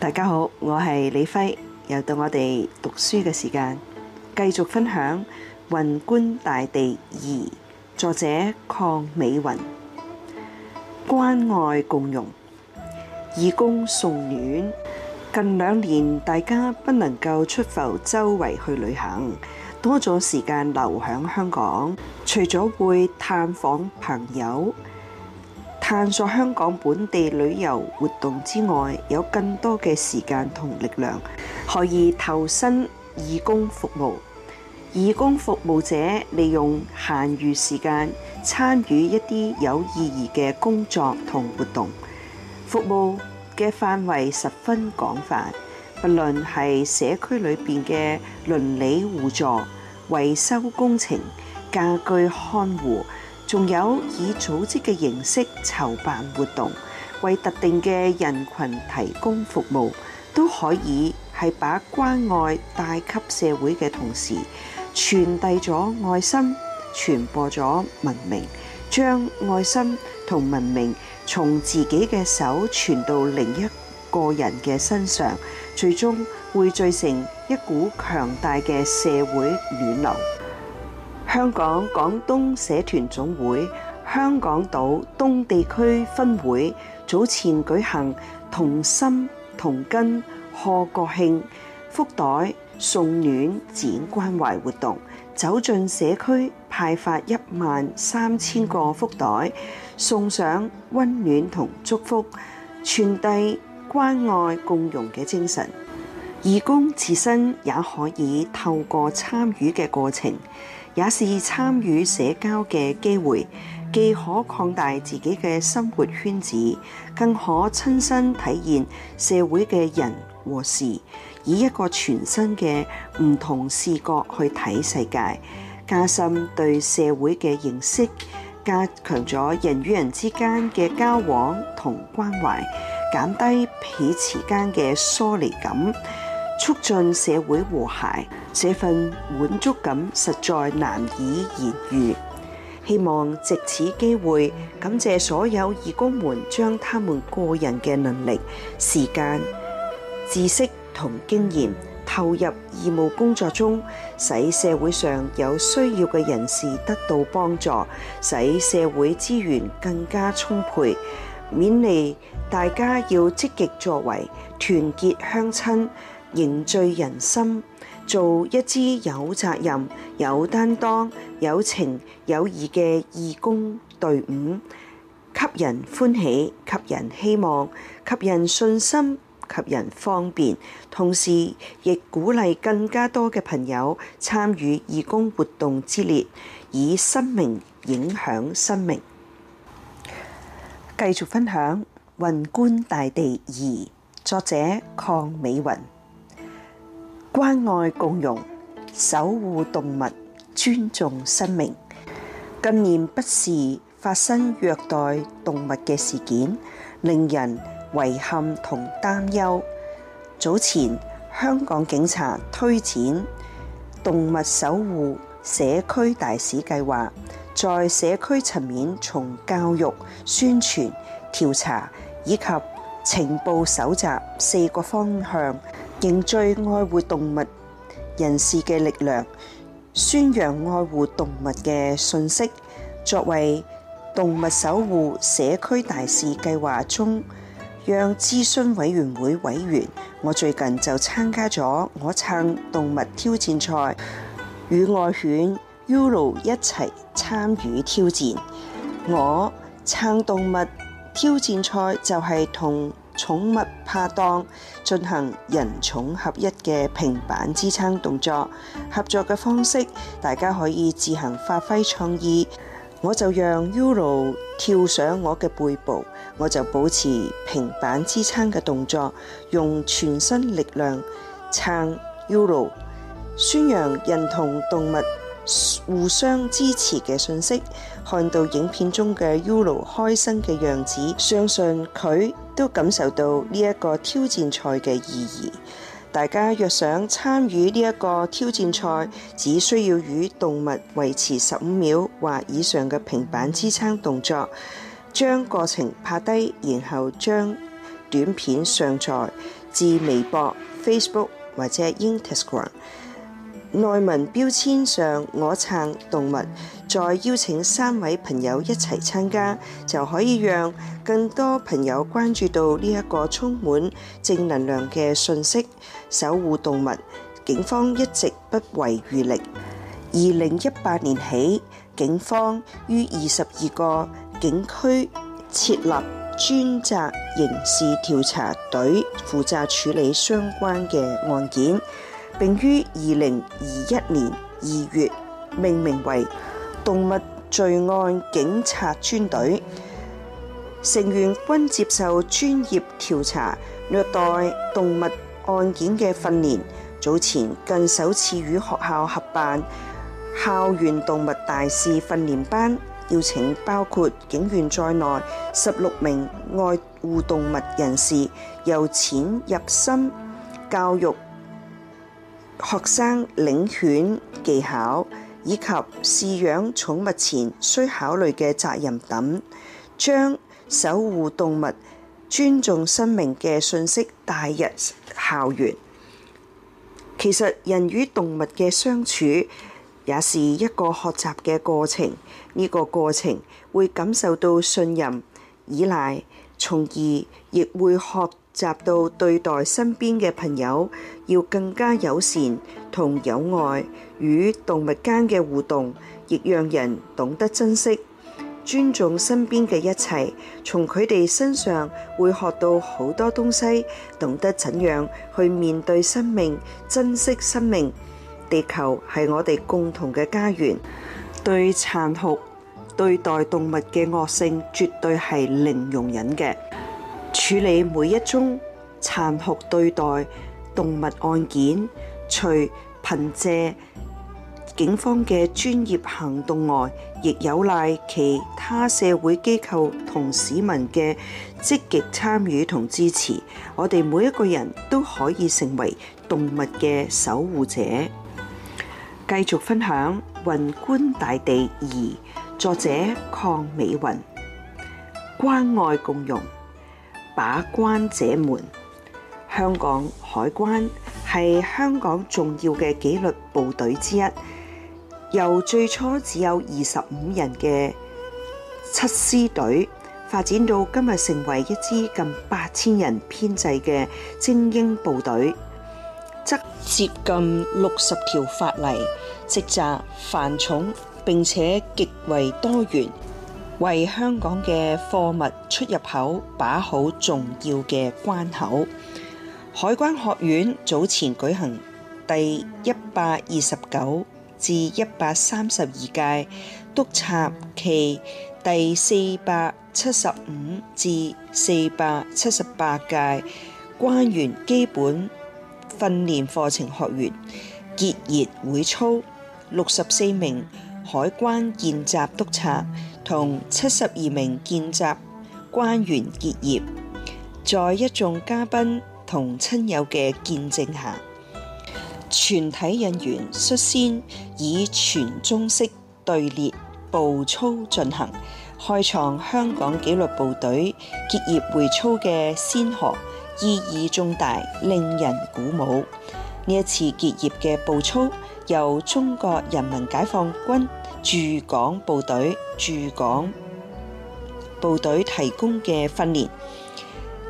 大家好，我係李輝，又到我哋讀書嘅時間，繼續分享《雲觀大地二》，作者鄺美雲。關愛共融，義工送暖。近兩年大家不能夠出埠周圍去旅行，多咗時間留喺香港，除咗會探訪朋友。探索香港本地旅遊活動之外，有更多嘅時間同力量，可以投身義工服務。義工服務者利用閒餘時間參與一啲有意義嘅工作同活動，服務嘅範圍十分廣泛，不論係社區裏邊嘅鄰里互助、維修工程、家居看護。仲有以組織嘅形式籌辦活動，為特定嘅人群提供服務，都可以係把關愛帶給社會嘅同時，傳遞咗愛心，傳播咗文明，將愛心同文明從自己嘅手傳到另一個人嘅身上，最終匯聚成一股強大嘅社會暖流。香港廣東社團總會香港島東地區分會早前舉行同心同根賀國慶福袋送暖展關懷活動，走進社區派發一萬三千個福袋，送上溫暖同祝福，傳遞關愛共融嘅精神。義工自身也可以透過參與嘅過程，也是參與社交嘅機會，既可擴大自己嘅生活圈子，更可親身體驗社會嘅人和事，以一個全新嘅唔同視角去睇世界，加深對社會嘅認識，加強咗人與人之間嘅交往同關懷，減低彼此間嘅疏離感，促進社會和諧。這份滿足感實在難以言喻。希望藉此機會，感謝所有義工們將他們個人嘅能力、時間、知識同經驗投入義務工作中，使社會上有需要嘅人士得到幫助，使社會資源更加充沛。勉勵大家要積極作為，團結鄉親，凝聚人心。做一支有責任、有擔當、有情有義嘅義工隊伍，給人歡喜，給人希望，給人信心，給人方便，同時亦鼓勵更加多嘅朋友參與義工活動之列，以生命影響生命。繼續分享《雲觀大地二》，作者鄺美雲。關愛共融，守護動物，尊重生命。近年不時發生虐待動物嘅事件，令人遺憾同擔憂。早前，香港警察推展動物守護社區大使計劃，在社區層面從教育宣傳、宣傳、調查以及情報搜集，四個方向。凝聚愛護動物人士嘅力量，宣揚愛護動物嘅信息，作為動物守護社區大使計劃中，讓諮詢委員會委員，我最近就參加咗我撐動物挑戰賽，與愛犬 Ulu 一齊參與挑戰。我撐動物挑戰賽就係同，寵物拍檔進行人寵合一嘅平板支撐動作，合作嘅方式大家可以自行發揮創意。我就讓 u l o 跳上我嘅背部，我就保持平板支撐嘅動作，用全身力量撐 Ulu，宣揚人同動物。互相支持嘅信息，看到影片中嘅 Yolo 開心嘅樣子，相信佢都感受到呢一個挑戰賽嘅意義。大家若想參與呢一個挑戰賽，只需要與動物維持十五秒或以上嘅平板支撐動作，將過程拍低，然後將短片上載至微博、Facebook 或者 Instagram 內文標籤上我撐動物，再邀請三位朋友一齊參加，就可以讓更多朋友關注到呢一個充滿正能量嘅訊息。守護動物，警方一直不遺餘力。二零一八年起，警方於二十二個警區設立專責刑事調查隊，負責處理相關嘅案件。並於二零二一年二月命名為動物罪案警察專隊，成員均接受專業調查虐待動物案件嘅訓練，早前更首次與學校合辦校園動物大事訓練班，邀請包括警員在內十六名愛護動物人士，由淺入深教育。學生領犬技巧以及飼養寵物前需考慮嘅責任等，將守護動物、尊重生命嘅信息帶入校園。其實人與動物嘅相處，也是一個學習嘅過程。呢個過程會感受到信任、依賴，從而亦會學。習到對待身邊嘅朋友要更加友善同友愛，與動物間嘅互動亦讓人懂得珍惜、尊重身邊嘅一切。從佢哋身上會學到好多東西，懂得怎樣去面對生命、珍惜生命。地球係我哋共同嘅家園，對殘酷對待動物嘅惡性絕對係零容忍嘅。處理每一宗殘酷對待動物案件，除憑藉警方嘅專業行動外，亦有賴其他社會機構同市民嘅積極參與同支持。我哋每一個人都可以成為動物嘅守護者。繼續分享《雲觀大地二》，作者鄺美雲，關愛共融。把關者們，香港海關係香港重要嘅紀律部隊之一，由最初只有二十五人嘅緝私隊發展到今日成為一支近八千人編制嘅精英部隊，則接近六十條法例，職責繁重，並且極為多元。為香港嘅貨物出入口把好重要嘅關口，海關學院早前舉行第一百二十九至一百三十二屆督察暨第四百七十五至四百七十八屆關員基本訓練課程學員結業會操，六十四名海關見習督察，同七十二名見習官員結業，在一眾嘉賓同親友嘅見證下，全體人員率先以全中式隊列步操進行，開創香港紀律部隊結業會操嘅先河，意義重大，令人鼓舞。呢一次結業嘅步操由中國人民解放軍。駐港部隊駐港部隊提供嘅訓練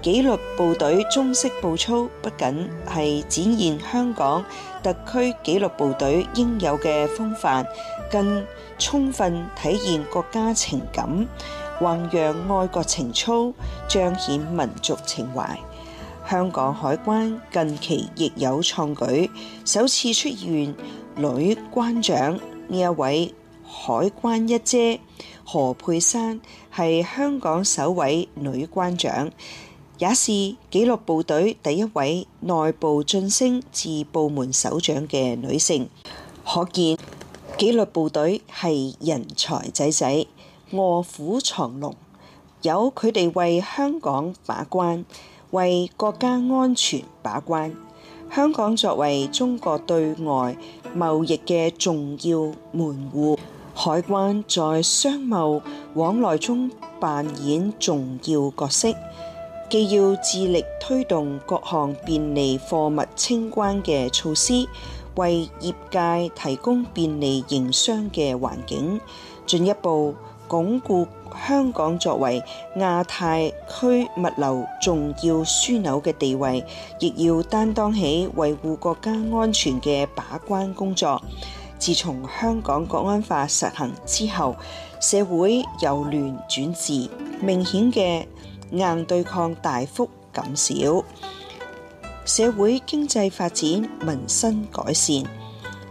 紀律部隊中式步操，不僅係展現香港特區紀律部隊應有嘅風範，更充分體現國家情感，弘揚愛國情操，彰顯民族情懷。香港海關近期亦有創舉，首次出現女關長呢一位。海關一姐何佩珊係香港首位女關長，也是紀律部隊第一位內部晉升至部門首長嘅女性。可見紀律部隊係人才濟濟，臥虎藏龍，有佢哋為香港把關，為國家安全把關。香港作為中國對外貿易嘅重要門戶。海關在商貿往來中扮演重要角色，既要致力推動各項便利貨物清關嘅措施，為業界提供便利營商嘅環境，進一步鞏固香港作為亞太區物流重要樞紐嘅地位，亦要擔當起維護國家安全嘅把關工作。自從香港國安法實行之後，社會由亂轉治，明顯嘅硬對抗大幅減少，社會經濟發展、民生改善，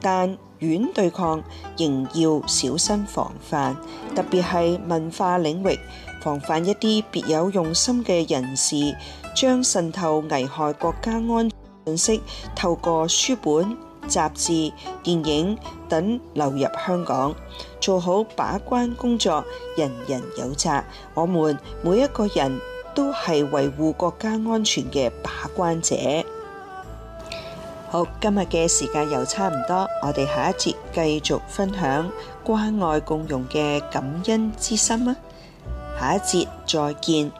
但軟對抗仍要小心防範，特別係文化領域，防範一啲別有用心嘅人士將滲透危害國家安全訊息透過書本、雜誌、電影等流入香港，做好把關工作，人人有責。我們每一個人都係維護國家安全嘅把關者。好，今日嘅時間又差唔多，我哋下一節繼續分享關愛共融嘅感恩之心啊！下一節再見。